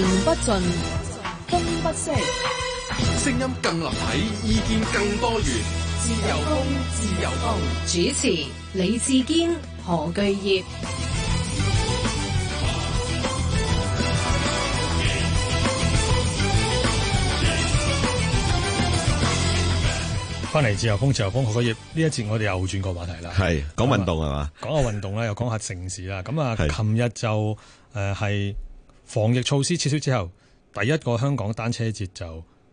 言不盡，風不息，聲音更立體，意見更多元。自由風，自由風，主持李志堅、何巨業。翻嚟自由風，自由風，何巨業，呢一節我哋又轉個話題啦。係講運動係嘛？講下運動啦， 又講下城市啦。咁啊，琴日就誒係。呃是防疫措施撤銷之後，第一個香港單車節就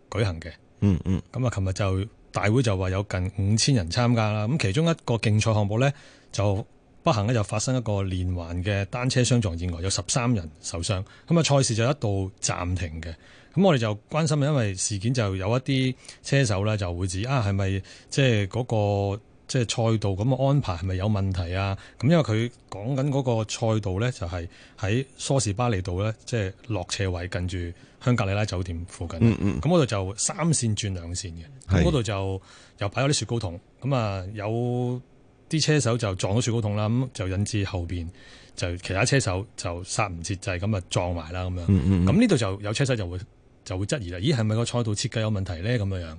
舉行嘅。嗯嗯，咁啊，琴日就大會就話有近五千人參加啦。咁其中一個競賽項目呢，就不幸呢就發生一個連環嘅單車相撞意外，有十三人受傷。咁啊，賽事就一度暫停嘅。咁我哋就關心，因為事件就有一啲車手呢，就會指啊，係咪即係嗰個？即係賽道咁嘅安排係咪有問題啊？咁因為佢講緊嗰個賽道咧，就係喺梳士巴利道咧，即係落斜位近住香格里拉酒店附近。嗯，咁嗰度就三線轉兩線嘅，咁嗰度就又擺咗啲雪糕筒。咁啊，有啲車手就撞咗雪糕筒啦，咁就引致後邊就其他車手就殺唔切掣，咁啊，撞埋啦咁樣。咁呢度就有車手就會就會質疑啦。咦，係咪個賽道設計有問題咧？咁樣樣。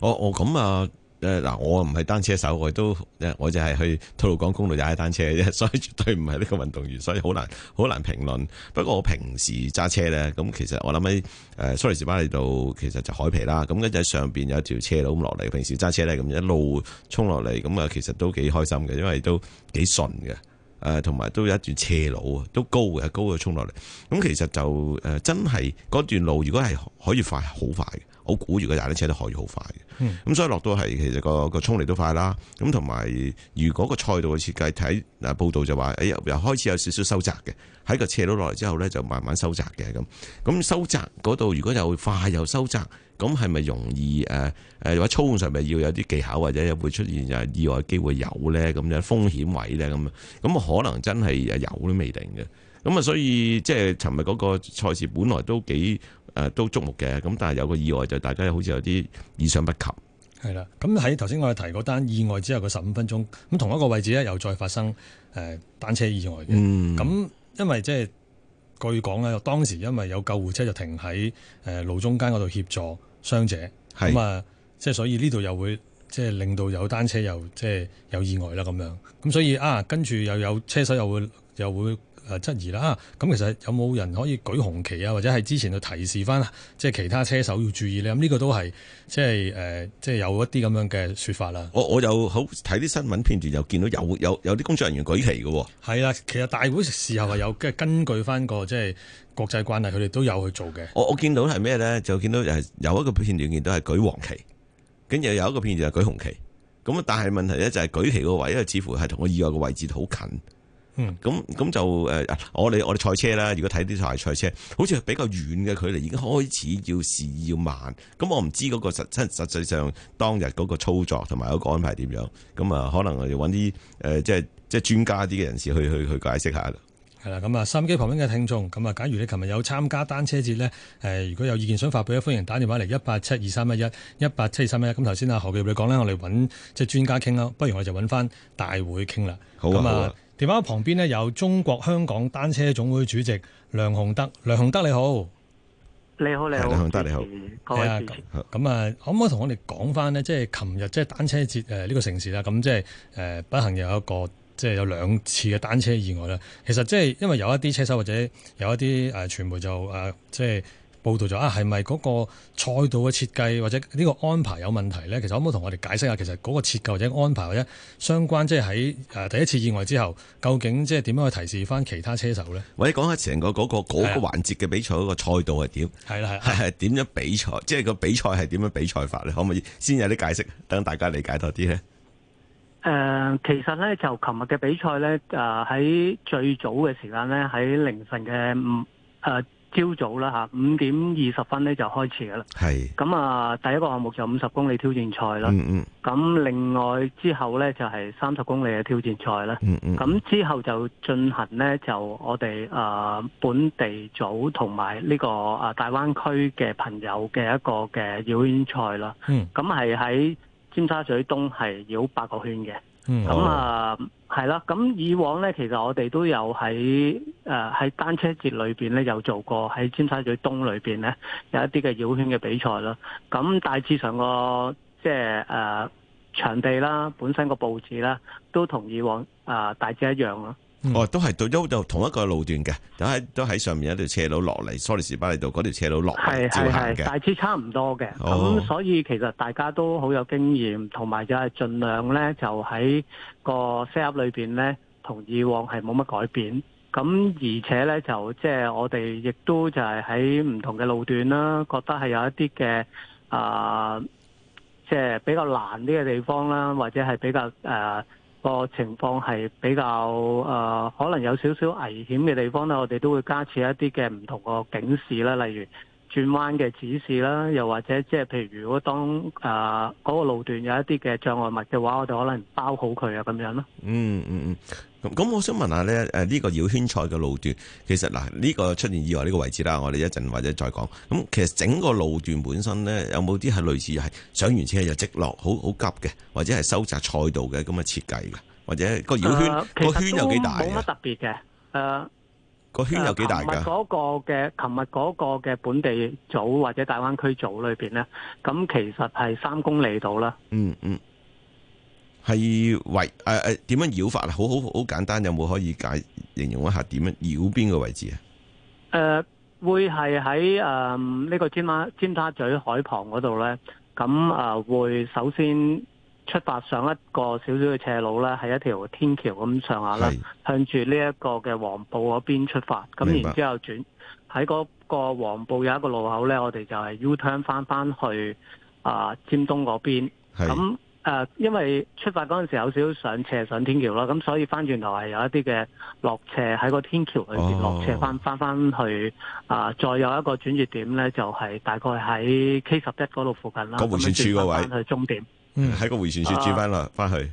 我我咁啊。誒，嗱，我唔係單車手，我都，我就係去吐露港公路踩單車啫，所以絕對唔係呢個運動員，所以好難好難評論。不過我平時揸車咧，咁其實我諗起誒梳士巴利道，其實就海皮啦。咁跟住喺上邊有條斜路咁落嚟。平時揸車咧，咁一路衝落嚟，咁啊，其實都幾開心嘅，因為都幾順嘅。誒，同埋都有一段斜路啊，都高嘅，高嘅衝落嚟。咁其實就誒，真係嗰段路如果係可以快，好快。我估住果踩啲車都可以好快嘅，咁、嗯、所以落到係其實個個衝力都快啦。咁同埋如果個賽道嘅設計睇，嗱報道就話，哎又開始有少少收窄嘅，喺個斜路落嚟之後咧就慢慢收窄嘅咁。咁收窄嗰度如果又快又收窄，咁係咪容易誒誒、啊、或者操控上咪要有啲技巧或者又會出現意外機會有咧，咁樣風險位咧咁，咁可能真係誒有都未定嘅。咁啊，所以即係尋日嗰個賽事，本來都幾誒、呃、都矚目嘅。咁但係有個意外，就大家好似有啲意想不及係啦。咁喺頭先我哋提嗰單意外之後，嘅十五分鐘咁同一個位置咧又再發生誒單車意外嘅。咁、嗯、因為即、就、係、是、據講咧，當時因為有救護車就停喺誒路中間嗰度協助傷者咁啊，即係所以呢度又會即係、就是、令到有單車又即係、就是、有意外啦。咁樣。咁所以啊，跟住又有車手又會又會。誒質疑啦，咁、啊、其實有冇人可以舉紅旗啊？或者係之前就提示翻，即係其他車手要注意呢？咁呢個都係即係誒，即係有一啲咁樣嘅説法啦。我我有好睇啲新聞片段，就見到有有有啲工作人員舉旗嘅喎、啊。係啦，其實大會時候係有嘅，根據翻個即係國際慣例，佢哋都有去做嘅。我我見到係咩呢？就見到有一個片段都係舉黃旗，跟住有一個片段係舉紅旗。咁但係問題咧就係舉旗個位，似乎係同我意外嘅位置好近。嗯，咁咁就誒，我哋我哋賽車啦。如果睇啲賽賽車，好似比較遠嘅距離，已經開始要試要慢。咁我唔知嗰個實實際上當日嗰個操作同埋嗰個安排點樣。咁啊，可能揾啲誒，即係即係專家啲嘅人士去去去解釋下啦。係啦，咁啊，收音機旁邊嘅聽眾，咁啊，假如你琴日有參加單車節咧，誒，如果有意見想發表，歡迎打電話嚟一八七二三一一，一八七二三一一。咁頭先阿何傑你講咧，我哋揾即係專家傾咯，不如我哋就揾翻大會傾啦。好啊。電話旁邊咧，有中國香港單車總會主席梁鴻德，梁鴻德你好，你好你好，梁鴻德你好，好啊。咁啊，可唔可以同我哋講翻呢？即係琴日即係單車節誒呢個城市啦，咁即係誒、呃、不幸有一個即係有兩次嘅單車意外啦。其實即係因為有一啲車手或者有一啲誒傳媒就誒、呃、即係。報道咗，啊，係咪嗰個賽道嘅設計或者呢個安排有問題咧？其實可唔可以同我哋解釋下？其實嗰個設計或者安排或者相關，即係喺誒第一次意外之後，究竟即係點樣去提示翻其他車手咧？或者講下成個嗰個嗰個環節嘅比賽嗰個賽道係點？係啦，係係點樣比賽？即係個比賽係點樣比賽法咧？可唔可以先有啲解釋，等大家理解多啲咧？誒、呃，其實咧就琴日嘅比賽咧，誒、呃、喺最早嘅時間咧，喺凌晨嘅五誒。朝早啦吓，五點二十分咧就開始㗎啦。係咁啊，第一個項目就五十公里挑戰賽啦。嗯嗯。咁另外之後咧就係三十公里嘅挑戰賽啦。嗯嗯。咁之後就進行咧就我哋誒本地組同埋呢個啊大灣區嘅朋友嘅一個嘅繞圈賽啦。嗯。咁係喺尖沙咀東係繞八個圈嘅。咁、嗯、啊。係啦，咁以往呢，其實我哋都有喺誒喺單車節裏面呢有做過喺尖沙咀東裏面呢有一啲嘅繞圈嘅比賽啦。咁大致上個即係誒場地啦，本身個佈置啦，都同以往啊、呃、大致一樣啦。我、嗯哦、都係到咗到同一個路段嘅，都喺都喺上面有一條斜路落嚟，梳士巴利道嗰條斜路落嚟照行大致差唔多嘅。咁、哦、所以其實大家都好有經驗，同埋就係盡量咧就喺個 set up 裏邊咧，同以往係冇乜改變。咁而且咧就即係、就是、我哋亦都就係喺唔同嘅路段啦，覺得係有一啲嘅啊，即、呃、係、就是、比較難啲嘅地方啦，或者係比較誒。呃個情況係比較誒、呃，可能有少少危險嘅地方咧，我哋都會加設一啲嘅唔同嘅警示啦，例如。轉彎嘅指示啦，又或者即係譬如，如果當嗰個路段有一啲嘅障礙物嘅話，我哋可能包好佢啊，咁樣咯。嗯嗯嗯，咁、嗯、咁，我想問下咧，呢、呢個繞圈賽嘅路段，其實嗱呢、呢個出現意外呢個位置啦，我哋一陣或者再講。咁其實整個路段本身咧，有冇啲係類似係上完車就直落，好好急嘅，或者係收窄賽道嘅咁嘅設計嘅，或者個繞圈個圈、呃、有幾大？冇乜特別嘅，呃個圈有幾大噶？琴日嗰個嘅，琴日嗰個嘅本地組或者大灣區組裏邊咧，咁其實係三公里度啦。嗯嗯，係位誒誒，點、呃、樣繞法啊？好好好簡單，有冇可以解形容一下點樣繞邊個位置啊？誒、呃，會係喺誒呢個尖沙尖沙咀海旁嗰度咧，咁啊、呃、會首先。出發上一個少少嘅斜路咧，係一條天橋咁上下啦，向住呢一個嘅黃埔嗰邊出發。咁然之後轉喺嗰個黃埔有一個路口咧，我哋就係 U turn 翻翻去啊、呃、尖東嗰邊。咁誒、呃，因為出發嗰陣時候有少少上斜上天橋啦，咁所以翻轉頭係有一啲嘅落斜喺個天橋裏邊、哦、落斜翻翻翻去啊、呃。再有一個轉折點咧，就係、是、大概喺 K 十一嗰度附近啦。嗰門市處嗰位。返去終點。喺、嗯、個回旋處轉翻喇，翻、啊、去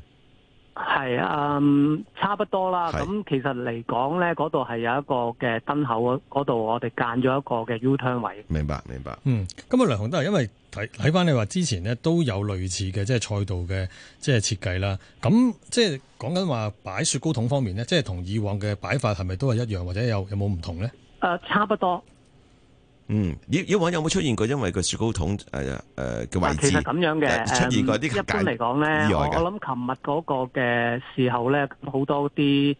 係啊、嗯，差不多啦。咁其實嚟講咧，嗰度係有一個嘅燈口嗰度，我哋間咗一個嘅 U turn 位。明白，明白。嗯，咁阿梁鴻德都係因為睇睇翻你話之前咧都有類似嘅即係賽道嘅即係設計啦。咁即係講緊話擺雪糕筒方面咧，即係同以往嘅擺法係咪都係一樣，或者有有冇唔同咧？誒、啊，差不多。嗯，以以往有冇出現過？因為個雪糕筒，誒誒嘅位置，其實咁樣嘅出現過啲一，嗯、一般嚟講咧，我諗琴日嗰個嘅時候咧，好多啲唔、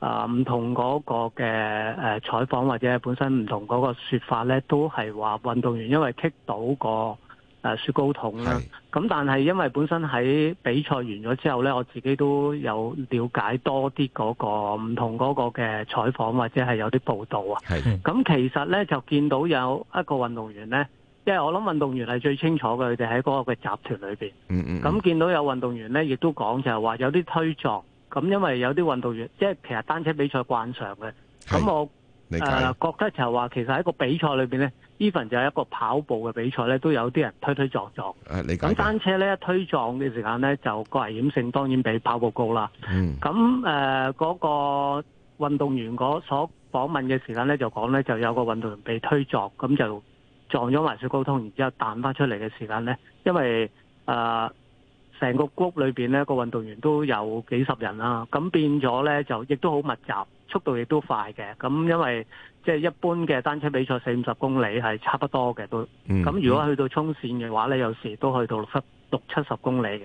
呃、同嗰個嘅誒採訪或者本身唔同嗰個說法咧，都係話運動員因為棘到個。誒、呃、雪糕筒啦，咁但係因為本身喺比賽完咗之後咧，我自己都有了解多啲嗰個唔同嗰個嘅採訪或者係有啲報道啊。係。咁其實咧就見到有一個運動員咧，因為我諗運動員係最清楚嘅，佢哋喺嗰個嘅集團裏邊，嗯咁、嗯嗯、見到有運動員咧，亦都講就係話有啲推撞，咁因為有啲運動員即係其實單車比賽慣常嘅。咁我誒、呃、覺得就係話其實喺個比賽裏邊咧。even 就係一個跑步嘅比賽咧，都有啲人推推撞撞。咁單車咧，一推撞嘅時間咧，就個危險性當然比跑步高啦。咁誒嗰個運動員嗰所訪問嘅時間咧，就講咧就有個運動員被推撞，咁就撞咗埋雪糕筒，然之後彈翻出嚟嘅時間咧，因為誒成、呃、個谷裏邊咧，個運動員都有幾十人啦，咁變咗咧就亦都好密集。速度亦都快嘅，咁因為即係一般嘅單車比賽四五十公里係差不多嘅都。咁、嗯、如果去到衝線嘅話咧，有時都去到六七六七十公里嘅。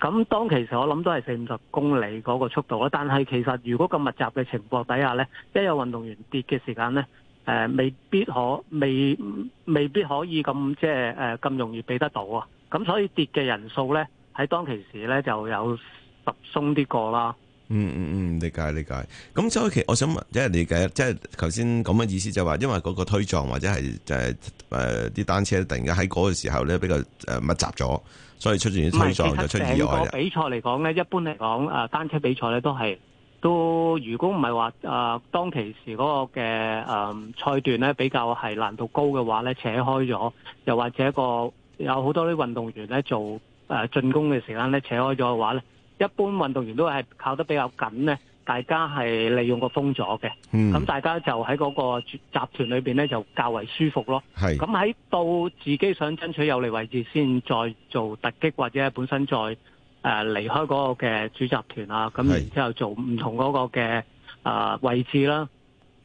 咁當其時我諗都係四五十公里嗰個速度啦，但係其實如果咁密集嘅情況底下咧，一有運動員跌嘅時間咧，誒、呃、未必可未未必可以咁即係咁容易避得到啊。咁所以跌嘅人數咧喺當其時咧就有十鬆啲過啦。嗯嗯嗯，理解理解。咁周其，我想問，即、就、係、是、理解，即係頭先咁嘅意思就係話因為嗰個推撞或者係就係誒啲單車突然間喺嗰個時候咧比較誒密集咗，所以出現推撞就出現意外，唔係成個比賽嚟講咧，一般嚟講誒單車比賽咧都係都如果唔係話誒當其時嗰個嘅誒賽段咧比較係難度高嘅話咧扯開咗，又或者個有好多啲運動員咧做誒進、呃、攻嘅時間咧扯開咗嘅話咧。一般運動員都係靠得比較緊咧，大家係利用個風阻嘅，咁、嗯、大家就喺嗰個集團裏邊呢，就較為舒服咯。咁喺到自己想爭取有利位置先，再做突擊或者本身再誒、呃、離開嗰個嘅主集團啊，咁然之後做唔同嗰個嘅啊、呃、位置啦。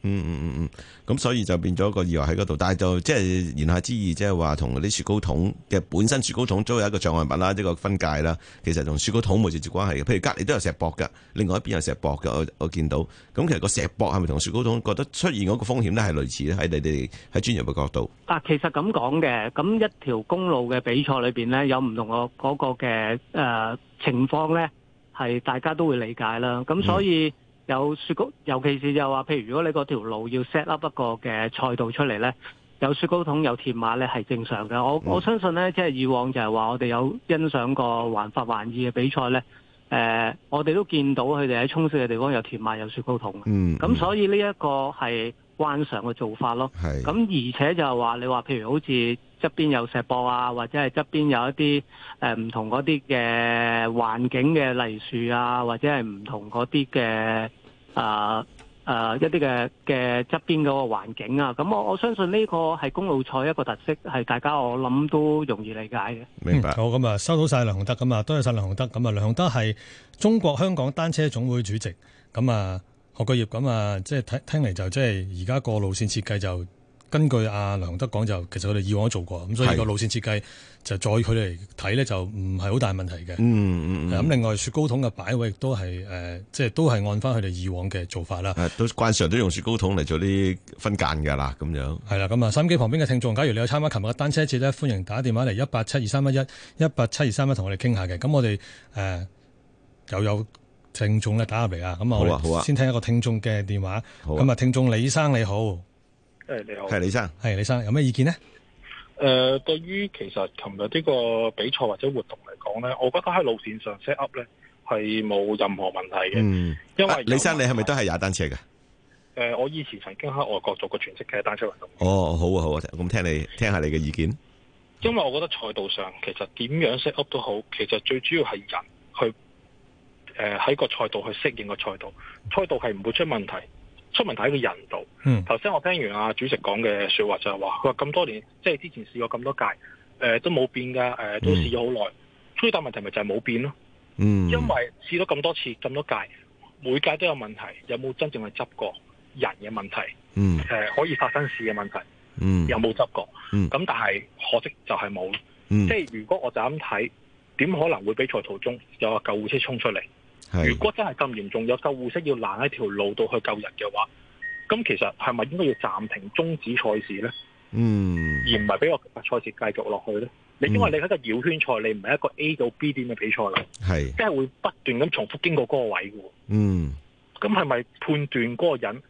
嗯嗯嗯嗯，咁、嗯嗯、所以就變咗個意外喺嗰度，但係就即係言下之意，即係話同你啲雪糕筒嘅本身雪糕筒都有一個障礙物啦，一個分界啦。其實同雪糕筒冇直接關係嘅，譬如隔籬都有石博嘅，另外一邊有石博嘅，我我見到。咁其實個石博係咪同雪糕筒覺得出現嗰個風險咧，係類似喺你哋喺專業嘅角度，啊，其實咁講嘅，咁一條公路嘅比賽裏邊咧，有唔同個嗰個嘅誒情況咧，係大家都會理解啦。咁所以。嗯有雪糕，尤其是就話，譬如如果你嗰條路要 set up 一個嘅賽道出嚟呢，有雪糕筒有鐵馬呢係正常嘅。我我相信呢，即係以往就係話我哋有欣賞過環法環意嘅比賽呢，誒、呃，我哋都見到佢哋喺衝塞嘅地方有鐵馬有雪糕筒。咁、嗯、所以呢一個係慣常嘅做法咯。咁而且就係話你話譬如好似側邊有石博啊，或者係側邊有一啲誒唔同嗰啲嘅環境嘅樹啊，或者係唔同嗰啲嘅。啊、呃、啊、呃、一啲嘅嘅側邊嗰個環境啊，咁我我相信呢個係公路賽一個特色，係大家我諗都容易理解嘅。明白，嗯、好咁啊，收到晒梁鴻德咁啊，多謝晒梁鴻德。咁啊，梁鴻德係中國香港單車總會主席。咁啊，學國業咁啊，即係聽聽嚟，就即係而家個路線設計就。根據阿梁德講，就其實佢哋以往都做過，咁所以個路線設計就再佢哋睇咧，就唔係好大問題嘅。咁、嗯嗯、另外雪糕筒嘅擺位亦都係誒、呃，即係都係按翻佢哋以往嘅做法啦、啊。都慣常都用雪糕筒嚟做啲分間㗎啦，咁樣。係啦，咁啊，收音機旁邊嘅聽眾，假如你有參加琴日嘅單車節咧，歡迎打電話嚟一八七二三一一，一八七二三一同我哋傾下嘅。咁我哋誒又有聽眾咧打入嚟啊。咁我哋先聽一個聽眾嘅電話。咁啊，好啊，聽眾李生你好。誒，你好，係李生，係李生，有咩意見呢？誒、呃，對於其實琴日呢個比賽或者活動嚟講呢，我覺得喺路線上 set up 呢，係冇任何問題嘅。因為有、啊、李生你係咪都係踩單車㗎、呃？我以前曾經喺外國做過全職嘅單車運動。哦，好啊，好啊，咁聽你聽下你嘅意見。因為我覺得賽道上其實點樣 set up 都好，其實最主要係人去喺、呃、個賽道去適應個賽道，賽道係唔會出問題。出問題喺個人度。頭先我聽完阿主席講嘅説話就係話，佢話咁多年，即係之前試過咁多屆，誒、呃、都冇變嘅，誒、呃、都試咗好耐。最大問題咪就係冇變咯。因為試咗咁多次、咁多屆，每屆都有問題，有冇真正係執過人嘅問題？誒、嗯呃、可以發生事嘅問題？有冇執過？咁、嗯、但係可惜就係冇、嗯。即係如果我就咁睇，點可能會比賽途中有個救護車衝出嚟？如果真係咁嚴重，有救護車要攔喺條路度去救人嘅話，咁其實係咪應該要暫停、終止賽事呢？嗯，而唔係俾個賽事繼續落去呢？你、嗯、因為你係一個繞圈賽，你唔係一個 A 到 B 點嘅比賽啦，係即係會不斷咁重複經過嗰個位嘅。嗯，咁係咪判斷嗰個人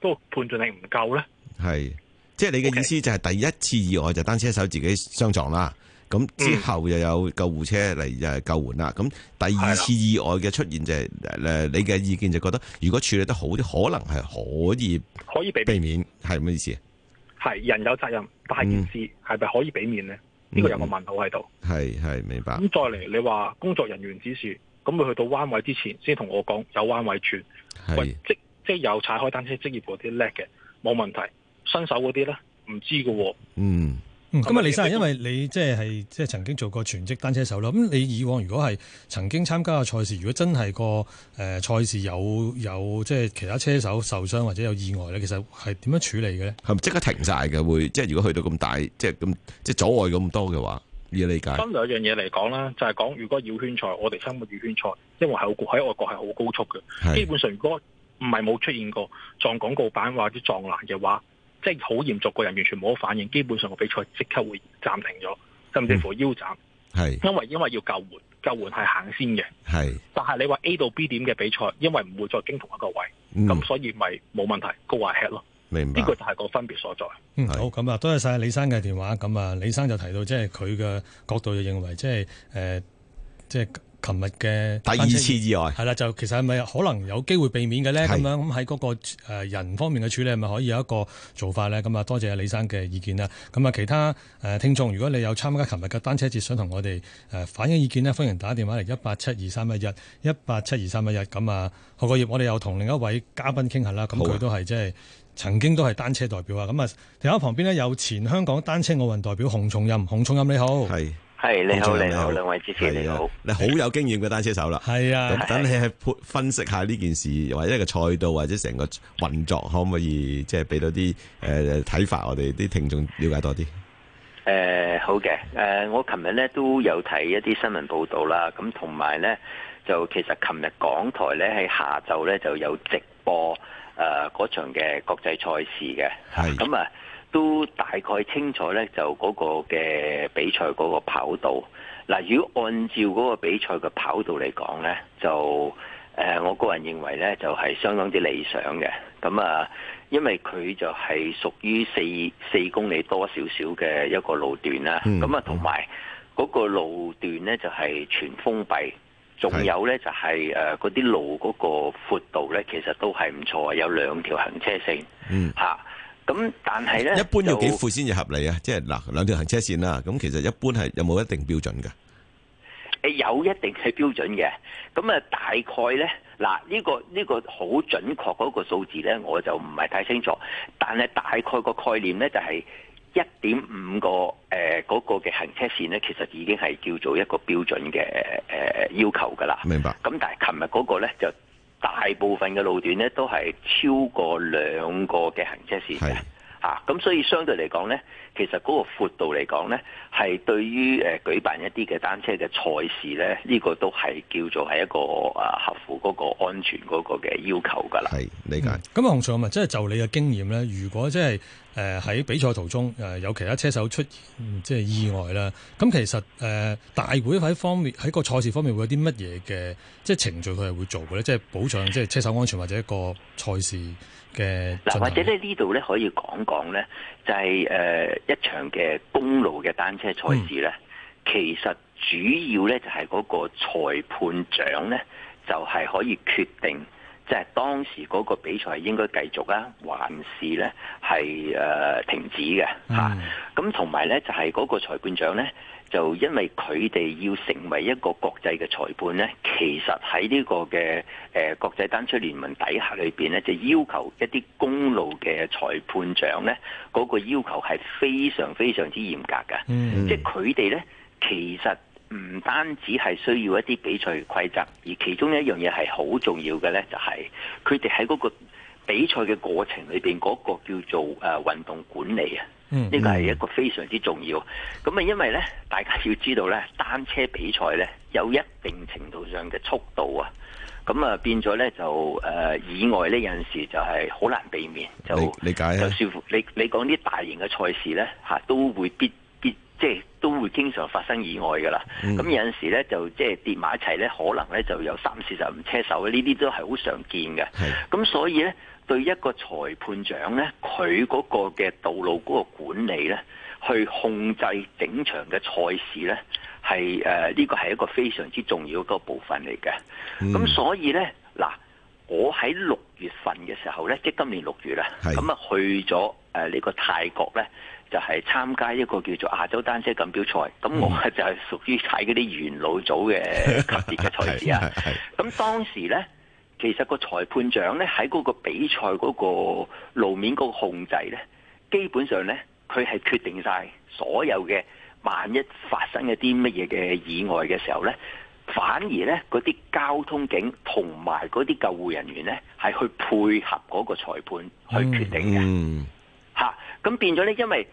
嗰個判斷力唔夠呢？係，即係你嘅意思就係第一次意外就單車手自己相撞啦。咁之後又有救護車嚟救援啦。咁、嗯、第二次意外嘅出現就誒、是呃，你嘅意見就覺得如果處理得好啲，可能係可以可以避免，係咩意思？係人有責任，但係件事係咪可以避免呢？呢、嗯，這個有個問號喺度。係係明白。咁再嚟你話工作人員指示，咁佢去到彎位之前先同我講有彎位轉，喂，即即有踩開單車職業嗰啲叻嘅冇問題，新手嗰啲咧唔知㗎喎。嗯。咁、嗯、啊，李生，因為你即係即係曾經做過全職單車手啦。咁你以往如果係曾經參加嘅賽事，如果真係、個誒、呃、賽事有有即係其他車手受傷或者有意外咧，其實係點樣處理嘅咧？係咪即刻停晒嘅？會即係如果去到咁大，即係咁即係阻礙咁多嘅話，要理解分兩樣嘢嚟講啦，就係、是、講如果繞圈賽，我哋三個繞圈賽，因為係喺外國係好高速嘅，基本上如果唔係冇出現過撞廣告板或者撞欄嘅話。即係好嚴重，個人完全冇反應，基本上個比賽即刻會暫停咗，甚至乎腰斬。係因為因為要救援，救援係行先嘅。係，但係你話 A 到 B 點嘅比賽，因為唔會再經同一個位，咁、嗯、所以咪冇問題，go ahead 咯。明白呢、這個就係個分別所在。嗯、好，咁啊，多謝晒李生嘅電話。咁啊，李生就提到，即係佢嘅角度就認為、就是，即係誒，即係。琴日嘅第二次意外係啦，就其實係咪可能有機會避免嘅呢？咁樣咁喺嗰個人方面嘅處理，係咪可以有一個做法呢？咁啊，多謝李生嘅意見啦。咁啊，其他誒聽眾，如果你有參加琴日嘅單車節，想同我哋反映意見呢，歡迎打電話嚟一八七二三一一一八七二三一一。咁啊，下個月我哋又同另一位嘉賓傾下啦。咁佢都係即係曾經都係單車代表啊。咁啊，另外旁邊呢，有前香港單車奧運代表洪松蔭，洪松蔭，洪松蔭你好，係你好，你好，你好，兩位主持你好，你好。你有經驗嘅單車手啦，係啊，等你去分析下呢件事或者個賽道或者成個運作，可唔可以即係俾到啲誒睇法，我哋啲聽眾了解多啲。誒、呃，好嘅，誒、呃，我琴日咧都有睇一啲新聞報道啦，咁同埋咧就其實琴日港台咧喺下晝咧就有直播誒嗰、呃、場嘅國際賽事嘅，係咁啊。都大概清楚呢，就嗰個嘅比賽嗰、嗰個跑道。嗱、啊，如果按照嗰個比賽嘅跑道嚟講呢，就誒、呃、我個人認為呢，就係、係、相當之理想嘅。咁啊，因為佢就係屬於四四公里多少少嘅一個路段啦。咁、嗯、啊，同埋嗰個路段呢，就係、係、全封閉。仲有呢，就係誒嗰啲路嗰個闊度呢，其實都係唔錯，有兩條行車線嗯。吓咁但係咧，一般要幾副先至合理啊？即係嗱，兩、就、條、是、行車線啦。咁其實一般係有冇一定標準嘅？誒，有一定嘅標準嘅。咁啊，大概咧嗱，這個這個、很個呢個呢個好準確嗰個數字咧，我就唔係太清楚。但係大概個概念咧，就係一點五個誒嗰、呃那個嘅行車線咧，其實已經係叫做一個標準嘅誒、呃、要求噶啦。明白。咁但係琴日嗰個咧就。大部分嘅路段咧，都係超過兩個嘅行車線嘅。啊，咁所以相對嚟講咧，其實嗰個闊度嚟講咧，係對於誒、呃、舉辦一啲嘅單車嘅賽事咧，呢、這個都係叫做係一個誒、呃、合乎嗰個安全嗰個嘅要求噶啦。係理解。咁、嗯、洪松蔭，即係就是、你嘅經驗咧，如果即係誒喺比賽途中誒、呃、有其他車手出現即係、嗯就是、意外啦，咁其實誒、呃、大會喺方面喺個賽事方面會有啲乜嘢嘅即係程序佢係會做嘅咧？即、就、係、是、保障即係、就是、車手安全或者一個賽事。嗱，或者咧呢度咧可以講講咧，就係誒一場嘅公路嘅單車賽事咧，其實主要咧就係嗰個裁判長咧，就係可以決定。即係當時嗰個比賽應該繼續啊還是呢？係、呃、停止嘅嚇？咁同埋呢，就係、是、嗰個裁判長呢，就因為佢哋要成為一個國際嘅裁判呢，其實喺呢個嘅誒、呃、國際單車聯盟底下裏面呢，就要求一啲公路嘅裁判長呢，嗰、那個要求係非常非常之嚴格嘅。嗯，即係佢哋呢，其實。唔單止係需要一啲比賽規則，而其中一樣嘢係好重要嘅呢，就係佢哋喺嗰個比賽嘅過程裏邊嗰、那個叫做誒運、呃、動管理啊，呢、嗯嗯這個係一個非常之重要。咁啊，因為呢，大家要知道呢，單車比賽呢，有一定程度上嘅速度啊，咁啊、呃、變咗呢，就誒意、呃、外有陣時就係好難避免，就理解就算你你講啲大型嘅賽事呢、啊，都會必。即係都會經常發生意外㗎啦，咁、嗯、有陣時咧就即係跌埋一齊咧，可能咧就有三四十五車手，呢啲都係好常見嘅。咁所以咧，對一個裁判長咧，佢嗰個嘅道路嗰個管理咧，去控制整場嘅賽事咧，係誒呢個係一個非常之重要嗰個部分嚟嘅。咁、嗯、所以咧，嗱，我喺六月份嘅時候咧，即係今年六月啦，咁啊去咗誒呢個泰國咧。就係、是、參加一個叫做亞洲單車錦標賽，咁、嗯、我就係屬於踩嗰啲元老組嘅級別嘅賽事啊。咁 當時呢，其實個裁判長呢喺嗰個比賽嗰個路面嗰個控制呢，基本上呢，佢係決定晒所有嘅。萬一發生一啲乜嘢嘅意外嘅時候呢，反而呢嗰啲交通警同埋嗰啲救護人員呢，係去配合嗰個裁判去決定嘅。嗯嗯。咁變咗咧，因為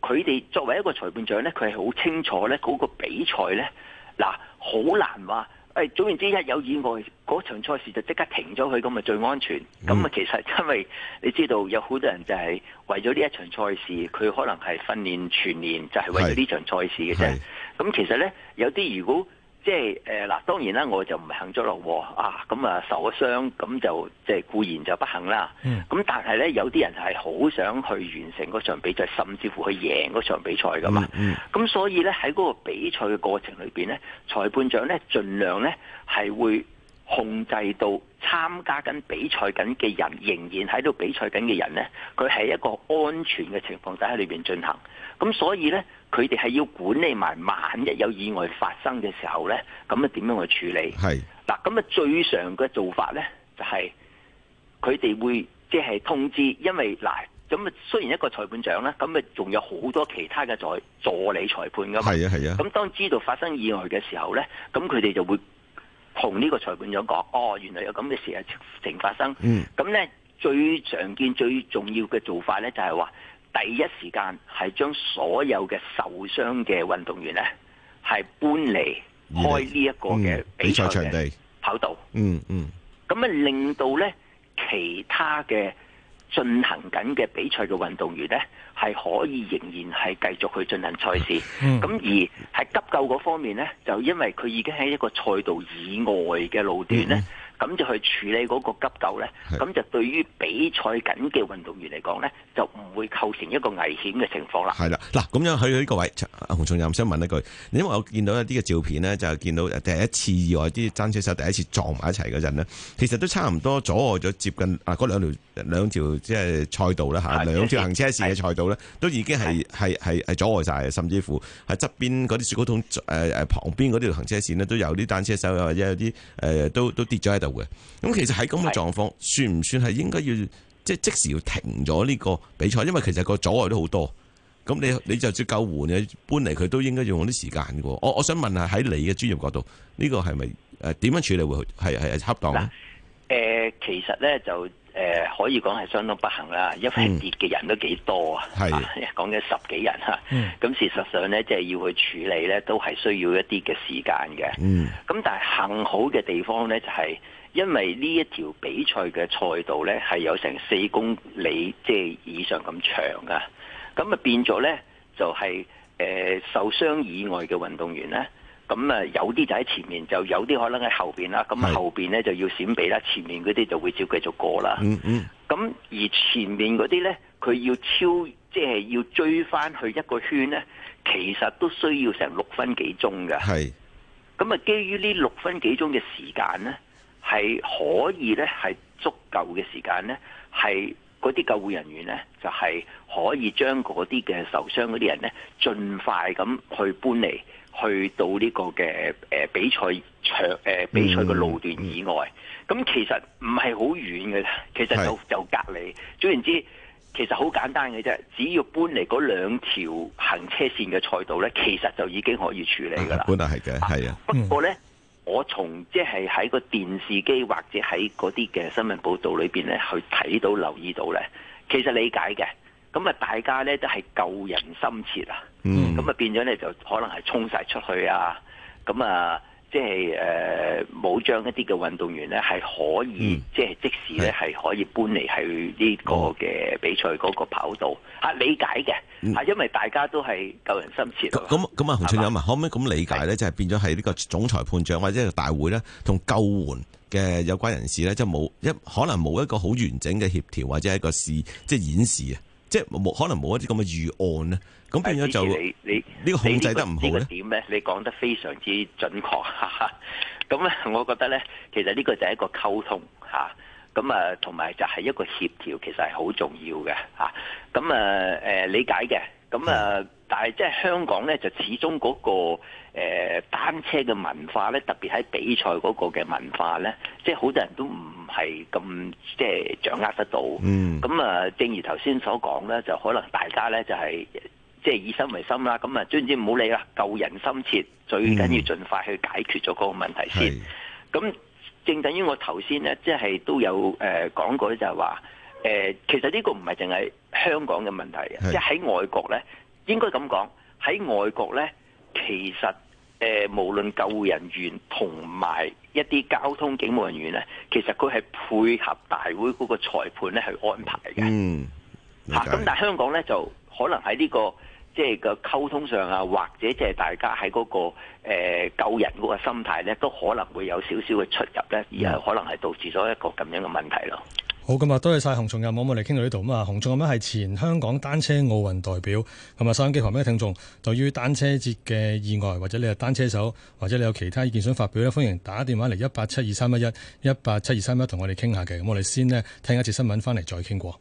佢哋作為一個裁判長咧，佢係好清楚咧嗰個比賽咧，嗱、啊、好難話。誒、哎、總言之，一有意外，嗰場賽事就即刻停咗佢，咁咪最安全。咁啊，其實因為你知道有好多人就係為咗呢一場賽事，佢可能係訓練全年就係為咗呢場賽事嘅啫。咁其實咧，有啲如果，即係誒嗱，當然啦，我就唔幸咗囉喎啊，咁啊受咗傷，咁就即係固然就不幸啦。咁、嗯、但係咧，有啲人係好想去完成嗰場比賽，甚至乎去贏嗰場比賽噶嘛。咁、嗯嗯、所以咧，喺嗰個比賽嘅過程裏面，咧，裁判長咧，盡量咧係會控制到。參加緊比賽緊嘅人，仍然喺度比賽緊嘅人呢，佢係一個安全嘅情況底下裏邊進行。咁所以呢，佢哋係要管理埋，萬一有意外發生嘅時候呢，咁啊點樣去處理？係嗱，咁啊最常嘅做法呢，就係佢哋會即係通知，因為嗱，咁啊雖然一個裁判長呢，咁啊仲有好多其他嘅助助理裁判噶嘛。係啊係啊。咁當知道發生意外嘅時候呢，咁佢哋就會。同呢個裁判長講，哦，原來有咁嘅事情發生。咁、嗯、呢最常見、最重要嘅做法呢，就係、是、話第一時間係將所有嘅受傷嘅運動員呢，係搬離開呢一個嘅比、嗯、比賽場地跑道。嗯嗯。咁啊，令到呢其他嘅。進行緊嘅比賽嘅運動員咧，係可以仍然係繼續去進行賽事。咁而喺急救嗰方面咧，就因為佢已經喺一個賽道以外嘅路段咧。嗯咁就去處理嗰個急救咧，咁就對於比賽緊嘅運動員嚟講咧，就唔會構成一個危險嘅情況啦。係啦，嗱咁樣去呢個位，洪松蔭想問一句，因為我見到一啲嘅照片呢，就見到第一次意外啲單車手第一次撞埋一齊嗰陣呢，其實都差唔多阻礙咗接近啊嗰兩條兩，條兩條即係賽道啦嚇、啊，兩條行車線嘅賽道呢，都已經係係係係阻礙晒，甚至乎喺側邊嗰啲雪糕桶旁、呃，旁邊嗰條行車線呢，都有啲單車手或者有啲、呃、都都跌咗喺度。嘅，咁其實喺咁嘅狀況，算唔算係應該要即即時要停咗呢個比賽？因為其實個阻礙都好多，咁你你就算救援嘅搬嚟，佢都應該要用啲時間嘅。我我想問下喺你嘅專業角度，呢個係咪誒點樣處理會係係恰當嘅？其實咧就誒可以講係相當不幸啦，因為跌嘅人都幾多啊，講、嗯、緊十幾人嚇，咁、嗯、事實上咧即係要去處理咧都係需要一啲嘅時間嘅。咁、嗯、但係幸好嘅地方咧就係、是。因為呢一條比賽嘅賽道呢，係有成四公里即係、就是、以上咁長噶，咁啊變咗呢，就係、是、誒、呃、受傷以外嘅運動員呢。咁啊有啲就喺前面，就有啲可能喺後邊啦。咁後邊呢，就要閃避啦，前面嗰啲就會照繼續過啦。嗯。咁而前面嗰啲呢，佢要超即係、就是、要追返去一個圈呢，其實都需要成六分幾鐘噶。係。咁啊，基於呢六分幾鐘嘅時間呢。係可以咧，係足夠嘅時間咧，係嗰啲救護人員咧，就係、是、可以將嗰啲嘅受傷嗰啲人咧，盡快咁去搬離，去到呢個嘅誒、呃、比賽場誒、呃、比賽嘅路段以外。咁、嗯嗯、其實唔係好遠嘅，其實就就隔離。總言之，其實好簡單嘅啫，只要搬離嗰兩條行車線嘅賽道咧，其實就已經可以處理㗎啦。本來係嘅，係啊，不過咧。嗯我從即係喺個電視機或者喺嗰啲嘅新聞報導裏邊咧，去睇到留意到咧，其實理解嘅。咁啊，大家咧都係救人心切啊。嗯。咁啊，變咗咧就可能係衝晒出去啊。咁啊。即係誒冇將一啲嘅運動員咧係可以，即係即時咧係可以搬嚟去呢個嘅比賽嗰個跑道、嗯嗯、理解嘅，因為大家都係救人心切。咁咁啊，洪松蔭啊，可唔可以咁理解咧？就係、是、變咗係呢個總裁判長或者係大會咧，同救援嘅有關人士咧，就冇一可能冇一個好完整嘅協調，或者係一個事即係演示啊？即係冇可能冇一啲咁嘅預案咧，咁變咗就你你呢個控制得唔好咧？點咧？你講、這個、得非常之準確，咁 咧，我覺得咧，其實呢個就係一個溝通吓，咁啊，同埋就係一個協調，其實係好重要嘅吓，咁啊誒，理解嘅。咁、嗯、啊、嗯，但係即係香港咧，就始終嗰、那個誒、呃、單車嘅文化咧，特別喺比賽嗰個嘅文化咧，即係好多人都唔係咁即係掌握得到。嗯。咁、嗯、啊，正如頭先所講咧，就可能大家咧就係、是、即係以心為心啦。咁啊，總之唔好理啦，救人心切，嗯、最緊要盡快去解決咗嗰個問題先。咁、嗯、正等於我頭先咧，即係都有誒講、呃、過，咧，就係話。誒、呃，其實呢個唔係淨係香港嘅問題，即係喺外國呢，應該咁講，喺外國呢，其實誒、呃、無論救護人員同埋一啲交通警務人員呢，其實佢係配合大會嗰個裁判咧去安排嘅。嗯，吓咁、啊、但係香港呢，就可能喺呢、這個即係、就是、個溝通上啊，或者即係大家喺嗰、那個誒、呃、救人嗰個心態呢，都可能會有少少嘅出入呢，而係可能係導致咗一個咁樣嘅問題咯。嗯好，今日，多謝晒洪松蔭，我哋傾到呢度。咁啊，洪松蔭咧係前香港單車奧運代表，同埋收音機旁邊嘅聽眾，對於單車節嘅意外，或者你係單車手，或者你有其他意見想發表咧，歡迎打電話嚟一八七二三一一一八七二三一同我哋傾下嘅。咁我哋先呢聽一次新聞，翻嚟再傾過。